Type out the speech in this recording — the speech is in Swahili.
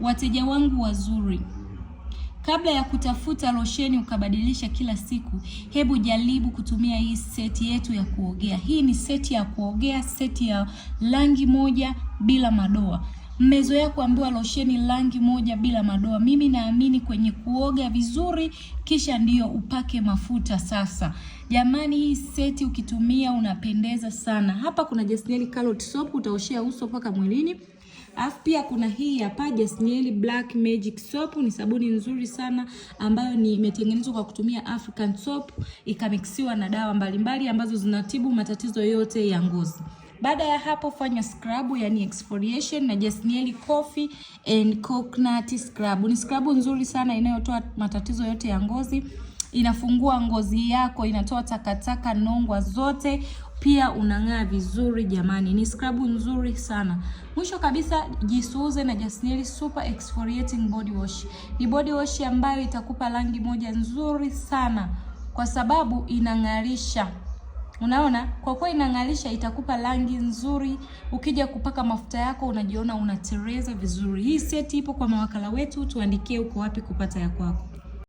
Wateja wangu wazuri, kabla ya kutafuta losheni ukabadilisha kila siku, hebu jaribu kutumia hii seti yetu ya kuogea. Hii ni seti ya kuogea, seti ya rangi moja bila madoa. Mmezoea kuambiwa losheni rangi moja bila madoa. Mimi naamini kwenye kuoga vizuri, kisha ndiyo upake mafuta. Sasa jamani, hii seti ukitumia unapendeza sana. Hapa kuna jasneli Carrot Soap, utaoshea uso mpaka mwilini. Alafu pia kuna hii hapa Jasnieli Black Magic Soap, ni sabuni nzuri sana ambayo ni imetengenezwa kwa kutumia African soap ikamixiwa na dawa mbalimbali mbali, ambazo zinatibu matatizo yote ya ngozi. Baada ya hapo fanya scrub yani exfoliation na Jasnieli Coffee and Coconut Scrub. Ni scrub nzuri sana inayotoa matatizo yote ya ngozi inafungua ngozi yako, inatoa takataka nongwa zote, pia unang'aa vizuri jamani, ni scrub nzuri sana. Mwisho kabisa, jisuuze na Jasniel Super Exfoliating Body Wash. Ni body wash ambayo itakupa rangi moja nzuri sana kwa sababu inang'arisha Unaona, kwa kuwa inang'alisha itakupa rangi nzuri. Ukija kupaka mafuta yako unajiona unatereza vizuri. Hii seti ipo kwa mawakala wetu, tuandikie uko wapi kupata ya kwako.